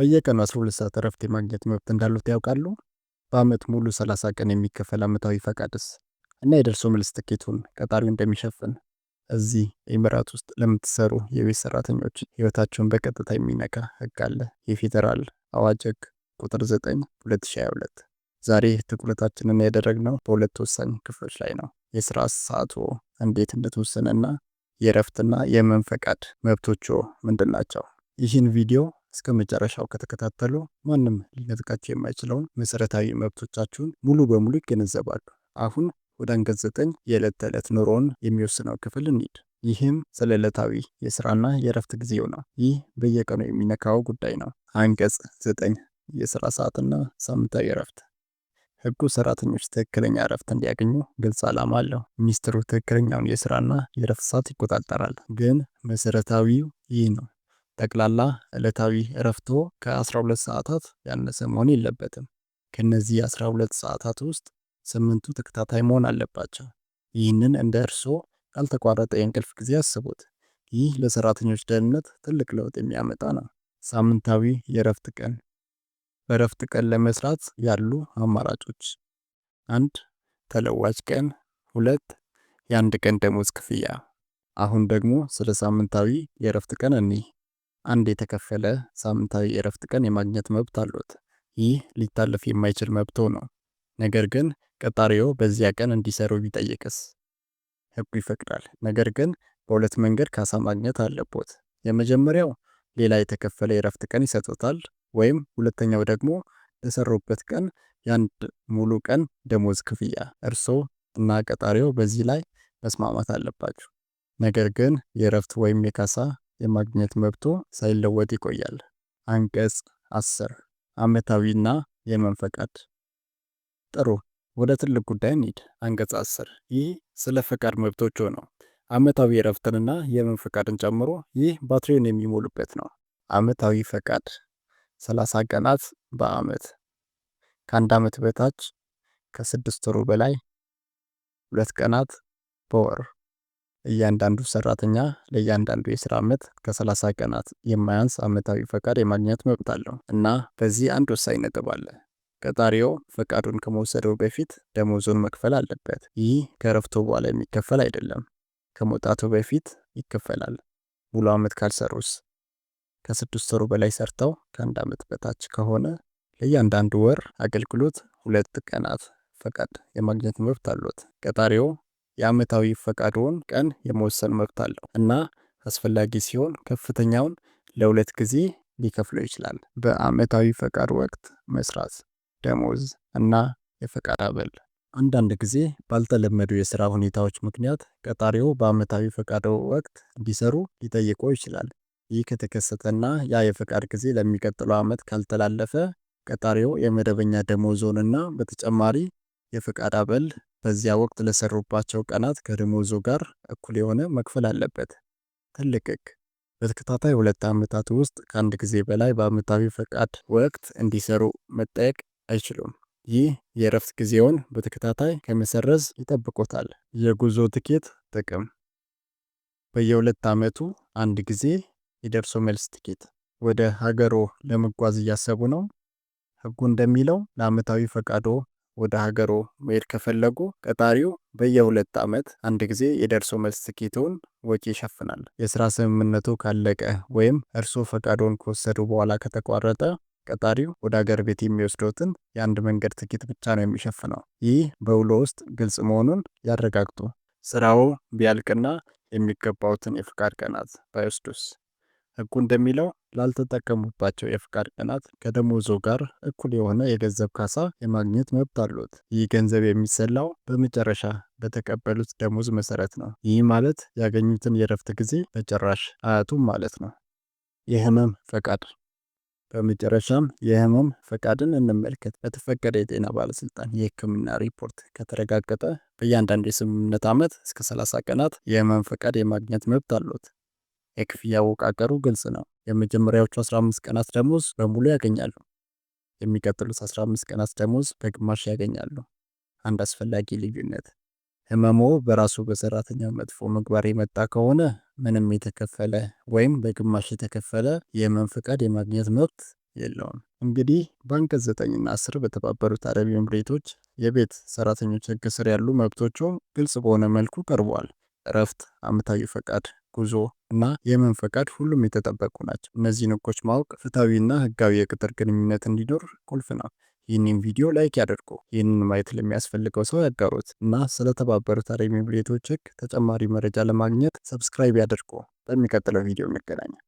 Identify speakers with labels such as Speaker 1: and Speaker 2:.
Speaker 1: በየቀኑ 12 ሰዓት እረፍት የማግኘት መብት እንዳሉት ያውቃሉ? በአመት ሙሉ 30 ቀን የሚከፈል አመታዊ ፈቃድስ እና የደርሶ መልስ ትኬቱን ቀጣሪው እንደሚሸፍን እዚህ ኤምራት ውስጥ ለምትሰሩ የቤት ሰራተኞች ህይወታቸውን በቀጥታ የሚነካ ህግ አለ። የፌዴራል አዋጅ ህግ ቁጥር 9 2022። ዛሬ ትኩረታችንን ያደረግነው በሁለት ወሳኝ ክፍሎች ላይ ነው። የስራ ሰዓቱ እንዴት እንደተወሰነና የእረፍትና የመንፈቃድ መብቶቹ ምንድን ናቸው? ይህን ቪዲዮ እስከ መጨረሻው ከተከታተሉ ማንም ሊነጥቃቸው የማይችለውን መሰረታዊ መብቶቻችሁን ሙሉ በሙሉ ይገነዘባሉ። አሁን ወደ አንቀጽ ዘጠኝ የዕለት ተዕለት ኑሮውን የሚወስነው ክፍል እንሂድ። ይህም ስለ ዕለታዊ የስራና የእረፍት ጊዜው ነው። ይህ በየቀኑ የሚነካው ጉዳይ ነው። አንቀጽ ዘጠኝ የስራ ሰዓትና ሳምንታዊ እረፍት ህጉ ሰራተኞች ትክክለኛ እረፍት እንዲያገኙ ግልጽ ዓላማ አለው። ሚኒስትሩ ትክክለኛውን የስራና የእረፍት ሰዓት ይቆጣጠራል። ግን መሰረታዊው ይህ ነው። ጠቅላላ ዕለታዊ እረፍቶ ከ12 ሰዓታት ያነሰ መሆን የለበትም። ከእነዚህ 12 ሰዓታት ውስጥ ስምንቱ ተከታታይ መሆን አለባቸው። ይህንን እንደ እርስዎ ያልተቋረጠ የእንቅልፍ ጊዜ አስቡት። ይህ ለሰራተኞች ደህንነት ትልቅ ለውጥ የሚያመጣ ነው። ሳምንታዊ የእረፍት ቀን በእረፍት ቀን ለመስራት ያሉ አማራጮች አንድ ተለዋጭ ቀን፣ ሁለት የአንድ ቀን ደሞዝ ክፍያ። አሁን ደግሞ ስለ ሳምንታዊ የእረፍት ቀን እኒህ አንድ የተከፈለ ሳምንታዊ የእረፍት ቀን የማግኘት መብት አሉት። ይህ ሊታለፍ የማይችል መብቶ ነው። ነገር ግን ቀጣሪዎ በዚያ ቀን እንዲሰሩ ቢጠይቅስ? ህጉ ይፈቅዳል፣ ነገር ግን በሁለት መንገድ ካሳ ማግኘት አለቦት። የመጀመሪያው ሌላ የተከፈለ የእረፍት ቀን ይሰጡታል፣ ወይም ሁለተኛው ደግሞ ለሰሩበት ቀን የአንድ ሙሉ ቀን ደሞዝ ክፍያ። እርስዎ እና ቀጣሪዎ በዚህ ላይ መስማማት አለባችሁ። ነገር ግን የእረፍት ወይም የካሳ የማግኘት መብቶ ሳይለወጥ ይቆያል። አንቀጽ 10 ዓመታዊና የህመም ፈቃድ። ጥሩ፣ ወደ ትልቅ ጉዳይ እንሂድ። አንቀጽ 10 ይህ ስለ ፈቃድ መብቶች ነው። ዓመታዊ እረፍትንና የህመም ፈቃድን ጨምሮ ይህ ባትሪውን የሚሞሉበት ነው። ዓመታዊ ፈቃድ 30 ቀናት በዓመት ከአንድ ዓመት በታች ከስድስት ወሩ በላይ ሁለት ቀናት በወር እያንዳንዱ ሰራተኛ ለእያንዳንዱ የስራ ዓመት ከ30 ቀናት የማያንስ ዓመታዊ ፈቃድ የማግኘት መብት አለው እና በዚህ አንድ ወሳኝ ነጥብ አለ። ቀጣሪው ፈቃዱን ከመውሰደው በፊት ደሞዙን መክፈል አለበት። ይህ ከረፍቶ በኋላ የሚከፈል አይደለም። ከመውጣቱ በፊት ይከፈላል። ሙሉ ዓመት ካልሰሩስ? ከስድስት ወሩ በላይ ሰርተው ከአንድ ዓመት በታች ከሆነ ለእያንዳንዱ ወር አገልግሎት ሁለት ቀናት ፈቃድ የማግኘት መብት አሉት። ቀጣሪው የዓመታዊ ፈቃድዎን ቀን የመወሰን መብት አለው እና አስፈላጊ ሲሆን ከፍተኛውን ለሁለት ጊዜ ሊከፍለው ይችላል። በዓመታዊ ፈቃድ ወቅት መስራት፣ ደሞዝ እና የፈቃድ አበል። አንዳንድ ጊዜ ባልተለመዱ የስራ ሁኔታዎች ምክንያት ቀጣሪው በዓመታዊ ፈቃድ ወቅት እንዲሰሩ ሊጠይቆ ይችላል። ይህ ከተከሰተና ያ የፈቃድ ጊዜ ለሚቀጥለው ዓመት ካልተላለፈ ቀጣሪው የመደበኛ እና በተጨማሪ የፈቃድ አበል በዚያ ወቅት ለሰሩባቸው ቀናት ከደሞዙ ጋር እኩል የሆነ መክፈል አለበት። ትልቅ ህግ በተከታታይ ሁለት ዓመታት ውስጥ ከአንድ ጊዜ በላይ በዓመታዊ ፈቃድ ወቅት እንዲሰሩ መጠየቅ አይችሉም። ይህ የእረፍት ጊዜውን በተከታታይ ከመሰረዝ ይጠብቆታል። የጉዞ ትኬት ጥቅም በየሁለት ዓመቱ አንድ ጊዜ የደርሶ መልስ ትኬት ወደ ሀገሮ ለመጓዝ እያሰቡ ነው? ህጉ እንደሚለው ለዓመታዊ ፈቃዶ ወደ ሀገሩ መሄድ ከፈለጉ ቀጣሪው በየሁለት ዓመት አንድ ጊዜ የደርሶ መልስ ትኬቶን ወጪ ይሸፍናል። የስራ ስምምነቱ ካለቀ ወይም እርስዎ ፈቃዶን ከወሰዱ በኋላ ከተቋረጠ ቀጣሪው ወደ ሀገር ቤት የሚወስዶትን የአንድ መንገድ ትኬት ብቻ ነው የሚሸፍነው። ይህ በውሎ ውስጥ ግልጽ መሆኑን ያረጋግጡ። ስራው ቢያልቅና የሚገባውትን የፍቃድ ቀናት ባይወስዱስ? ህጉ እንደሚለው ላልተጠቀሙባቸው የፍቃድ ቀናት ከደሞዞ ጋር እኩል የሆነ የገንዘብ ካሳ የማግኘት መብት አሉት። ይህ ገንዘብ የሚሰላው በመጨረሻ በተቀበሉት ደሞዝ መሰረት ነው። ይህ ማለት ያገኙትን የረፍት ጊዜ በጭራሽ አያጡም ማለት ነው። የህመም ፈቃድ በመጨረሻም የህመም ፈቃድን እንመልከት። በተፈቀደ የጤና ባለስልጣን የህክምና ሪፖርት ከተረጋገጠ በእያንዳንድ የስምምነት ዓመት እስከ 30 ቀናት የህመም ፈቃድ የማግኘት መብት አሉት። የክፍያ አወቃቀሩ ግልጽ ነው። የመጀመሪያዎቹ 15 ቀናት ደሞዝ በሙሉ ያገኛሉ። የሚቀጥሉት 15 ቀናት ደሞዝ በግማሽ ያገኛሉ። አንድ አስፈላጊ ልዩነት ህመሞ በራሱ በሰራተኛው መጥፎ ምግባር የመጣ ከሆነ ምንም የተከፈለ ወይም በግማሽ የተከፈለ የህመም ፈቃድ የማግኘት መብት የለውም። እንግዲህ በአንቀጽ 9 እና 10 በተባበሩት አረብ ኤምሬቶች የቤት ሰራተኞች ህግ ስር ያሉ መብቶቹ ግልጽ በሆነ መልኩ ቀርቧል። እረፍት፣ አመታዊ ፈቃድ ጉዞ እና የምን ፈቃድ ሁሉም የተጠበቁ ናቸው። እነዚህ ህጎች ማወቅ ፍትሐዊና ህጋዊ የቅጥር ግንኙነት እንዲኖር ቁልፍ ነው። ይህንን ቪዲዮ ላይክ ያደርጉ፣ ይህንን ማየት ለሚያስፈልገው ሰው ያጋሩት እና ስለተባበሩት አረብ ኤሚሬቶች ህግ ተጨማሪ መረጃ ለማግኘት ሰብስክራይብ ያደርጉ። በሚቀጥለው ቪዲዮ እንገናኛለን።